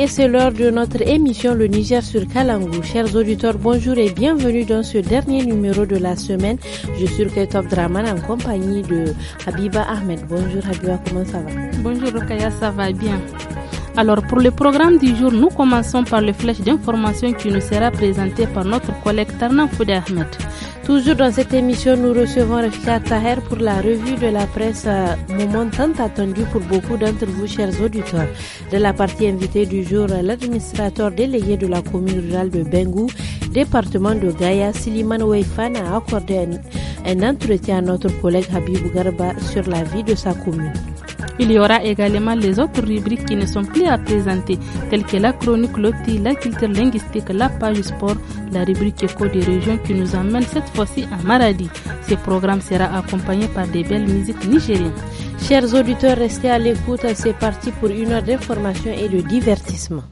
et c'est l'heure de notre émission Le Niger sur Kalangou. Chers auditeurs, bonjour et bienvenue dans ce dernier numéro de la semaine. Je suis Ketop Draman en compagnie de Habiba Ahmed. Bonjour Habiba, comment ça va Bonjour Rokaya, ça va bien. Alors pour le programme du jour, nous commençons par le flèche d'information qui nous sera présenté par notre collègue Tarnan Foudé Ahmed. Toujours dans cette émission, nous recevons Rafika Taher pour la revue de la presse, euh, moment tant attendu pour beaucoup d'entre vous, chers auditeurs. De la partie invitée du jour, euh, l'administrateur délégué de la commune rurale de Bengou, département de Gaïa, Siliman Weifan, a accordé un, entretien à notre collègue Habibou Garba sur la vie de sa commune. Il y aura également les autres rubriques qui ne sont plus à présenter, telles que la chronique Loti, la culture linguistique, la page sport, la rubrique éco des régions qui nous emmène cette fois-ci à Maradi. Ce programme sera accompagné par des belles musiques nigériennes. Chers auditeurs, restez à l'écoute. C'est parti pour une heure d'information et de divertissement.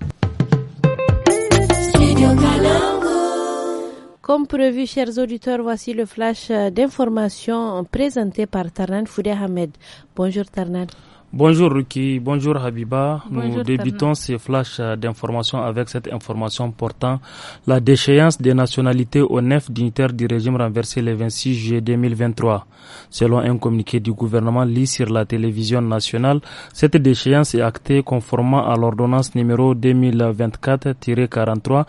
Comme prévu, chers auditeurs, voici le flash d'information présenté par Tarnan Foudé Ahmed. Bonjour Tarnan. Bonjour Ruki, bonjour Habiba. Nous débutons ces flashs euh, d'information avec cette information portant la déchéance des nationalités aux neuf dignitaires du régime renversé le 26 juillet 2023. Selon un communiqué du gouvernement lu sur la télévision nationale, cette déchéance est actée conformément à l'ordonnance numéro 2024-43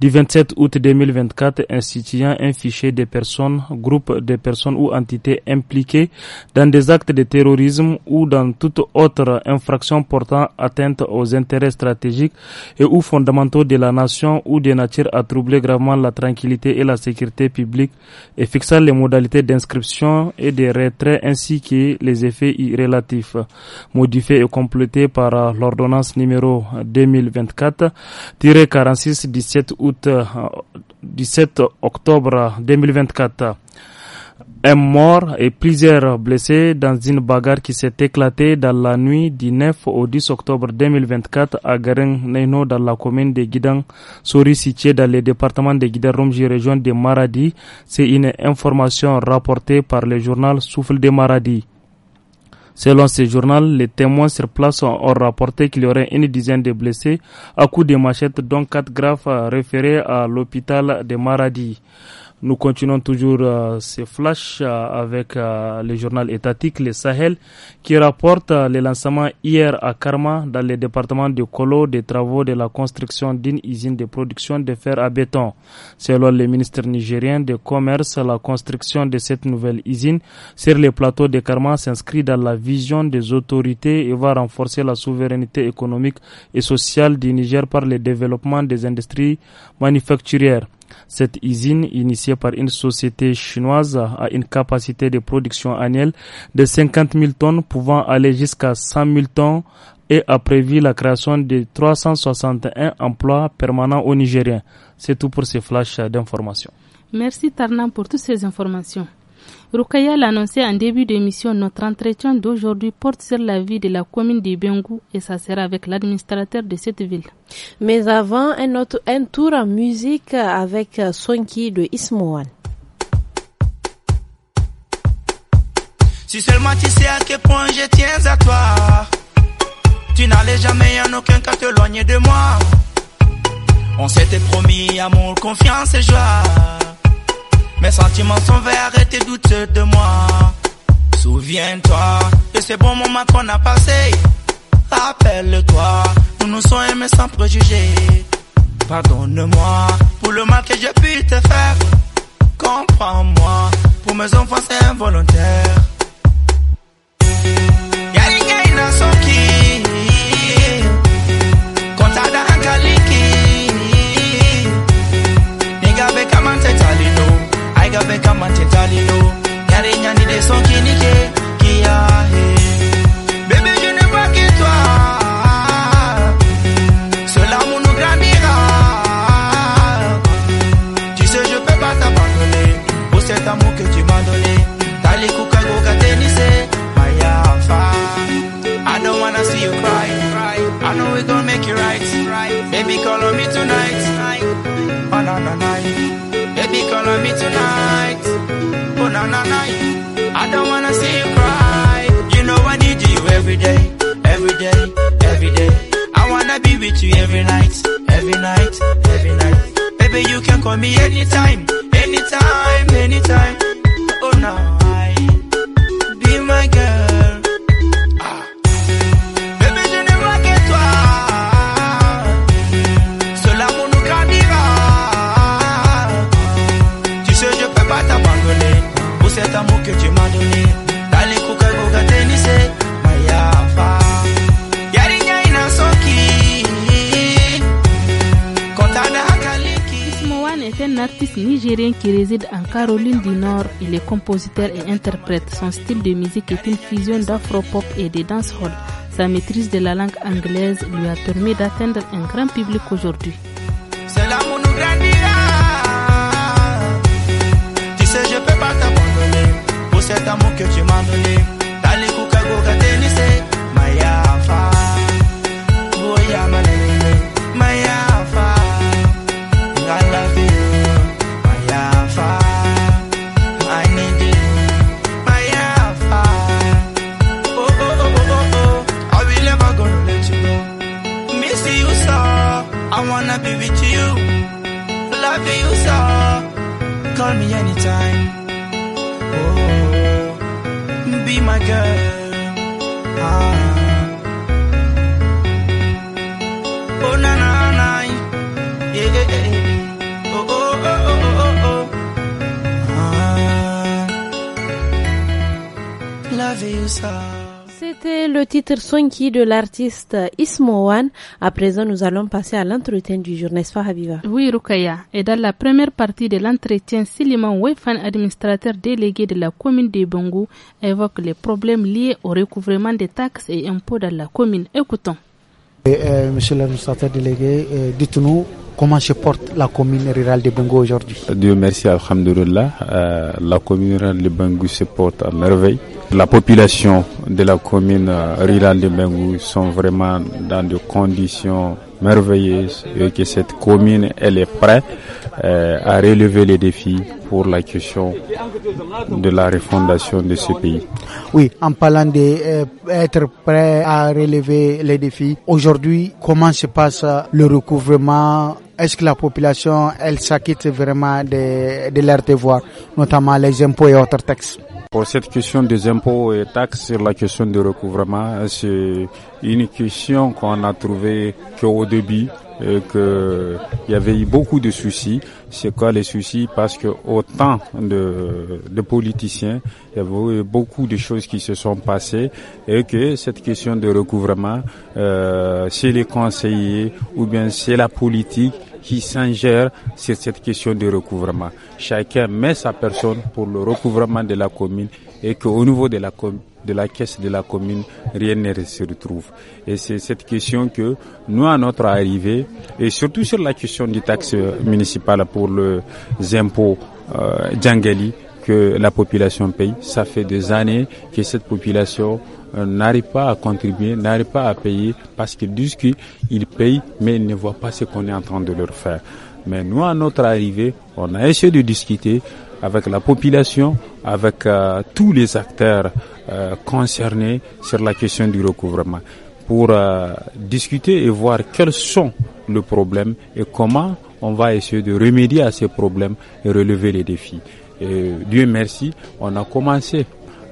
du 27 août 2024 instituant un fichier des personnes, groupes de personnes ou entités impliquées dans des actes de terrorisme ou dans toute autre infraction portant atteinte aux intérêts stratégiques et ou fondamentaux de la nation ou de nature à troubler gravement la tranquillité et la sécurité publique et fixant les modalités d'inscription et de retrait ainsi que les effets irrélatifs, relatifs. Modifié et complété par l'ordonnance numéro 2024-46 17 août 17 euh, octobre 2024 un mort et plusieurs blessés dans une bagarre qui s'est éclatée dans la nuit du 9 au 10 octobre 2024 à garin Naino, dans la commune de Guidan, souris située dans le département de Guidan Romji région de Maradi. C'est une information rapportée par le journal Souffle de Maradi. Selon ce journal, les témoins sur place ont, rapporté qu'il y aurait une dizaine de blessés à coups de machette, dont quatre graves euh, référés à l'hôpital de Maradi. Nous continuons toujours euh, ces flashs euh, avec euh, le journal étatique, le Sahel, qui rapporte le lancement hier à Karma, dans le département de Kolo, des travaux de la construction d'une usine de production de fer à béton. Selon le ministre nigérien de Commerce, la construction de cette nouvelle usine sur le plateaux de Karma s'inscrit dans la vision des autorités et va renforcer la souveraineté économique et sociale du Niger par le développement des industries manufacturières. Cette usine, initiée par une société chinoise, a une capacité de production annuelle de 50 000 tonnes, pouvant aller jusqu'à 100 000 tonnes et a prévu la création de 361 emplois permanents au Nigérien. C'est tout pour ces flashs d'informations. Merci Tarnan pour toutes ces informations. Rukaya l'annonçait en début d'émission, notre entretien d'aujourd'hui porte sur la vie de la commune de Bengou et ça sera avec l'administrateur de cette ville. Mais avant, un, autre, un tour en musique avec Sonki de Ismoan. Si seulement tu sais à quel point je tiens à toi, tu n'allais jamais en aucun cas te loigner de moi. On s'était promis amour, confiance et joie. Mes sentiments sont verts et tes doutes de moi. Souviens-toi de ces bons moments qu'on a passés. Rappelle-toi, nous nous sommes aimés sans préjugés. Pardonne-moi pour le mal que j'ai pu te faire. Comprends-moi, pour mes enfants c'est involontaire. kama tetani yo de sokinike kiahe you every night, every night, every night. Baby, you can call me anytime, anytime, anytime. artiste nigérien qui réside en Caroline du Nord. Il est compositeur et interprète. Son style de musique est une fusion d'afro-pop et de dancehall. Sa maîtrise de la langue anglaise lui a permis d'atteindre un grand public aujourd'hui. C'était le titre Sonki de l'artiste Ismo Wan. À présent, nous allons passer à l'entretien du journaliste nest Oui, Rukaya. Et dans la première partie de l'entretien, Siliman Wefan, administrateur délégué de la commune de Bongo, évoque les problèmes liés au recouvrement des taxes et impôts dans la commune. Écoutons. Euh, monsieur l'administrateur délégué, euh, dites-nous comment se porte la commune rurale de Bongo aujourd'hui Dieu merci, Alhamdulillah. Euh, la commune rurale de Bongo se porte à merveille. La population de la commune euh, rurale de Bengou sont vraiment dans des conditions merveilleuses et que cette commune elle est prête euh, à relever les défis pour la question de la refondation de ce pays. Oui, en parlant d'être euh, prêt à relever les défis, aujourd'hui, comment se passe le recouvrement est-ce que la population, elle s'acquitte vraiment de, de leurs notamment les impôts et autres taxes pour cette question des impôts et taxes sur la question du recouvrement, c'est une question qu'on a trouvée qu'au début, et que il y avait eu beaucoup de soucis. C'est quoi les soucis Parce que autant de, de politiciens, il y avait eu beaucoup de choses qui se sont passées et que cette question de recouvrement, euh, c'est les conseillers ou bien c'est la politique qui s'ingère sur cette question de recouvrement. Chacun met sa personne pour le recouvrement de la commune et qu'au niveau de la commune, de la caisse de la commune, rien ne se retrouve. Et c'est cette question que nous, à notre arrivée, et surtout sur la question du taxe municipal pour les impôts euh, que la population paye. Ça fait des années que cette population euh, n'arrive pas à contribuer, n'arrive pas à payer parce qu'ils disent qu'ils payent mais ils ne voient pas ce qu'on est en train de leur faire. Mais nous, à notre arrivée, on a essayé de discuter avec la population, avec euh, tous les acteurs euh, concernés sur la question du recouvrement pour euh, discuter et voir quels sont les problèmes et comment on va essayer de remédier à ces problèmes et relever les défis. Dieu merci, on a commencé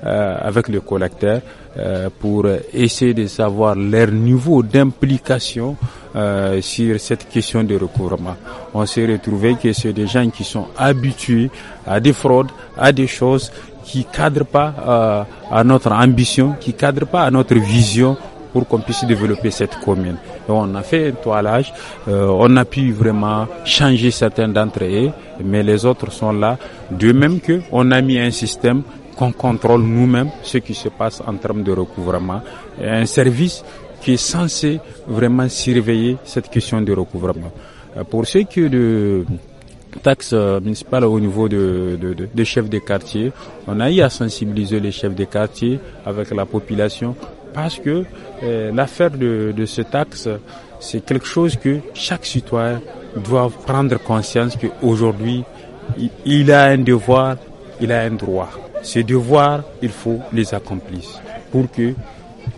euh, avec le collecteur euh, pour essayer de savoir leur niveau d'implication euh, sur cette question de recouvrement. On s'est retrouvé que c'est des gens qui sont habitués à des fraudes, à des choses qui cadrent pas à notre ambition, qui cadrent pas à notre vision pour qu'on puisse développer cette commune. on a fait un toilage, on a pu vraiment changer certains d'entre eux, mais les autres sont là. De même que on a mis un système qu'on contrôle nous-mêmes ce qui se passe en termes de recouvrement. un service qui est censé vraiment surveiller cette question de recouvrement. Euh, pour ce qui est de taxes euh, municipales au niveau de, de, de, des chefs de quartier, on a eu à sensibiliser les chefs des quartiers avec la population parce que euh, l'affaire de, de ce taxe, c'est quelque chose que chaque citoyen doit prendre conscience qu'aujourd'hui, il a un devoir, il a un droit. Ces devoirs, il faut les accomplir pour que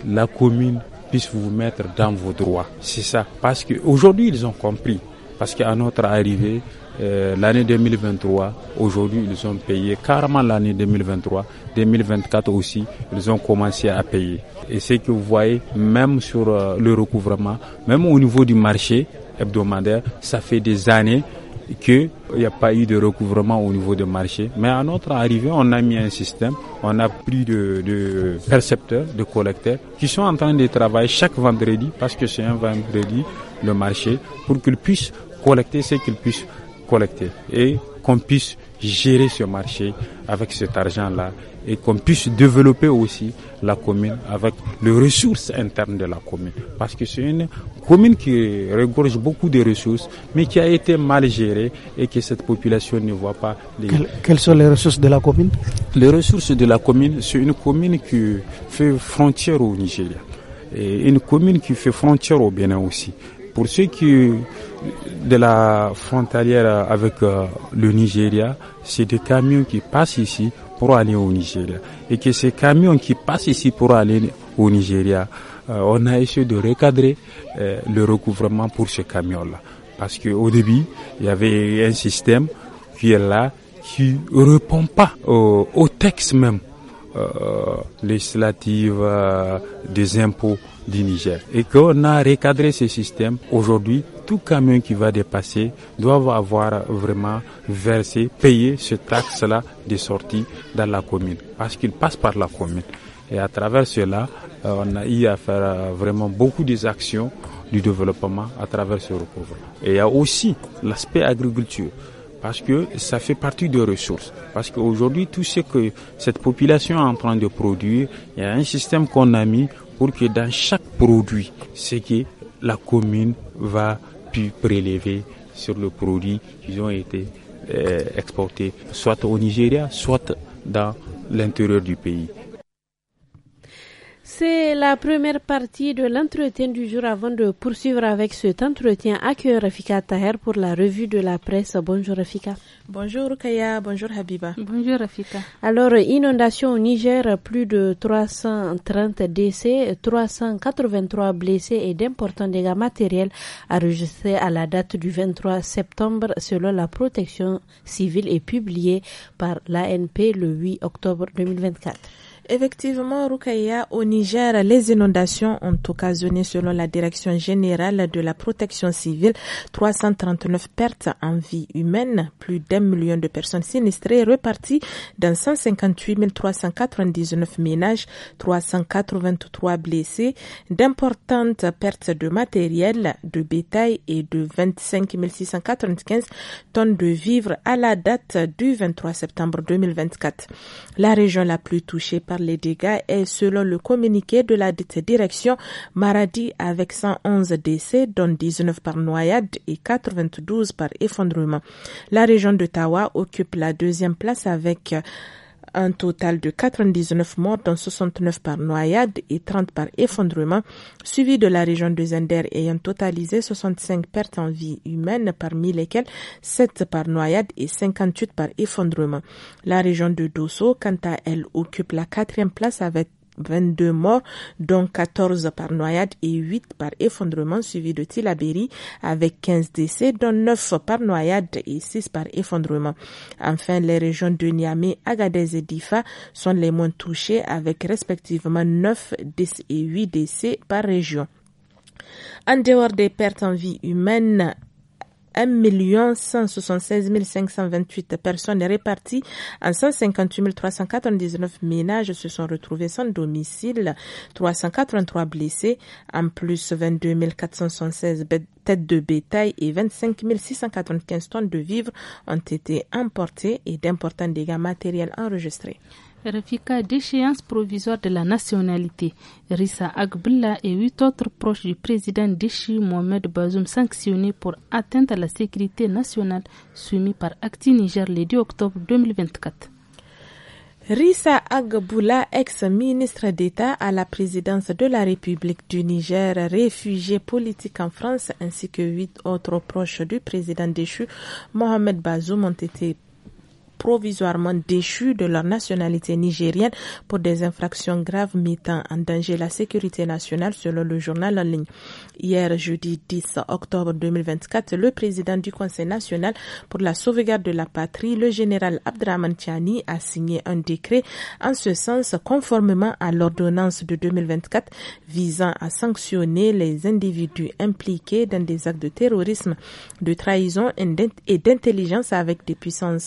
la commune puisse vous mettre dans vos droits. C'est ça. Parce qu'aujourd'hui, ils ont compris. Parce qu'à notre arrivée, euh, l'année 2023, aujourd'hui, ils ont payé carrément l'année 2023. 2024 aussi, ils ont commencé à payer. Et ce que vous voyez, même sur euh, le recouvrement, même au niveau du marché hebdomadaire, ça fait des années qu'il n'y a pas eu de recouvrement au niveau du marché. Mais à notre arrivée, on a mis un système, on a pris de, de percepteurs, de collecteurs, qui sont en train de travailler chaque vendredi, parce que c'est un vendredi le marché, pour qu'ils puissent collecter ce qu'ils puissent collecter et qu'on puisse gérer ce marché avec cet argent-là et qu'on puisse développer aussi la commune avec les ressources internes de la commune. Parce que c'est une commune qui regorge beaucoup de ressources, mais qui a été mal gérée et que cette population ne voit pas. Les... Quelles sont les ressources de la commune Les ressources de la commune, c'est une commune qui fait frontière au Nigeria. Et une commune qui fait frontière au Bénin aussi. Pour ceux qui de la frontalière avec euh, le Nigeria, c'est des camions qui passent ici pour aller au Nigeria. Et que ces camions qui passent ici pour aller au Nigeria, euh, on a essayé de recadrer euh, le recouvrement pour ces camions-là. Parce qu'au début, il y avait un système qui est là, qui ne répond pas au texte même euh, législative euh, des impôts du Niger. Et qu'on a recadré ce système, aujourd'hui, tout camion qui va dépasser doit avoir vraiment versé, payé ce taxe-là de sortie dans la commune, parce qu'il passe par la commune. Et à travers cela, euh, on a eu à faire vraiment beaucoup des actions du développement à travers ce recouvrement. Et il y a aussi l'aspect agriculture parce que ça fait partie des ressources. Parce qu'aujourd'hui, tout ce que cette population est en train de produire, il y a un système qu'on a mis pour que dans chaque produit, ce que la commune va puis prélever sur le produit qui ont été euh, exportés, soit au Nigeria, soit dans l'intérieur du pays. C'est la première partie de l'entretien du jour avant de poursuivre avec cet entretien. Accueille Rafika Taher pour la revue de la presse. Bonjour Rafika. Bonjour Kaya, bonjour Habiba. Bonjour Rafika. Alors, inondation au Niger, plus de 330 décès, 383 blessés et d'importants dégâts matériels enregistrés à la date du 23 septembre selon la protection civile et publiée par l'ANP le 8 octobre 2024. Effectivement, Rukaya, au Niger, les inondations ont occasionné, selon la Direction générale de la protection civile, 339 pertes en vie humaine, plus d'un million de personnes sinistrées reparties dans 158 399 ménages, 383 blessés, d'importantes pertes de matériel, de bétail et de 25 695 tonnes de vivres à la date du 23 septembre 2024. La région la plus touchée par les dégâts est selon le communiqué de la direction, Maradi avec 111 décès, dont 19 par noyade et 92 par effondrement. La région d'Ottawa occupe la deuxième place avec un total de 99 morts, dont 69 par noyade et 30 par effondrement, suivi de la région de Zender ayant totalisé 65 pertes en vie humaine, parmi lesquelles 7 par noyade et 58 par effondrement. La région de Dosso, quant à elle, occupe la quatrième place avec 22 morts, dont 14 par noyade et 8 par effondrement, suivi de Tilaberi avec 15 décès, dont 9 par noyade et 6 par effondrement. Enfin, les régions de Niamey, Agadez et Difa sont les moins touchées avec respectivement 9, décès et 8 décès par région. En dehors des pertes en vie humaine, 1 176 528 personnes réparties en 158 399 ménages se sont retrouvés sans domicile, 383 blessés, en plus 22 476 bêtes têtes de bétail et 25 695 tonnes de vivres ont été importées et d'importants dégâts matériels enregistrés. Rafika, d'échéance provisoire de la nationalité, Rissa Agbilla et huit autres proches du président déchu Mohamed Bazoum sanctionnés pour atteinte à la sécurité nationale soumis par Acti Niger le 2 octobre 2024. Rissa Agboula, ex-ministre d'État à la présidence de la République du Niger, réfugié politique en France, ainsi que huit autres proches du président déchu, Mohamed Bazoum, ont été provisoirement déchus de leur nationalité nigérienne pour des infractions graves mettant en danger la sécurité nationale selon le journal en ligne. Hier, jeudi 10 octobre 2024, le président du Conseil national pour la sauvegarde de la patrie, le général Abdraman Tiani, a signé un décret en ce sens conformément à l'ordonnance de 2024 visant à sanctionner les individus impliqués dans des actes de terrorisme, de trahison et d'intelligence avec des puissances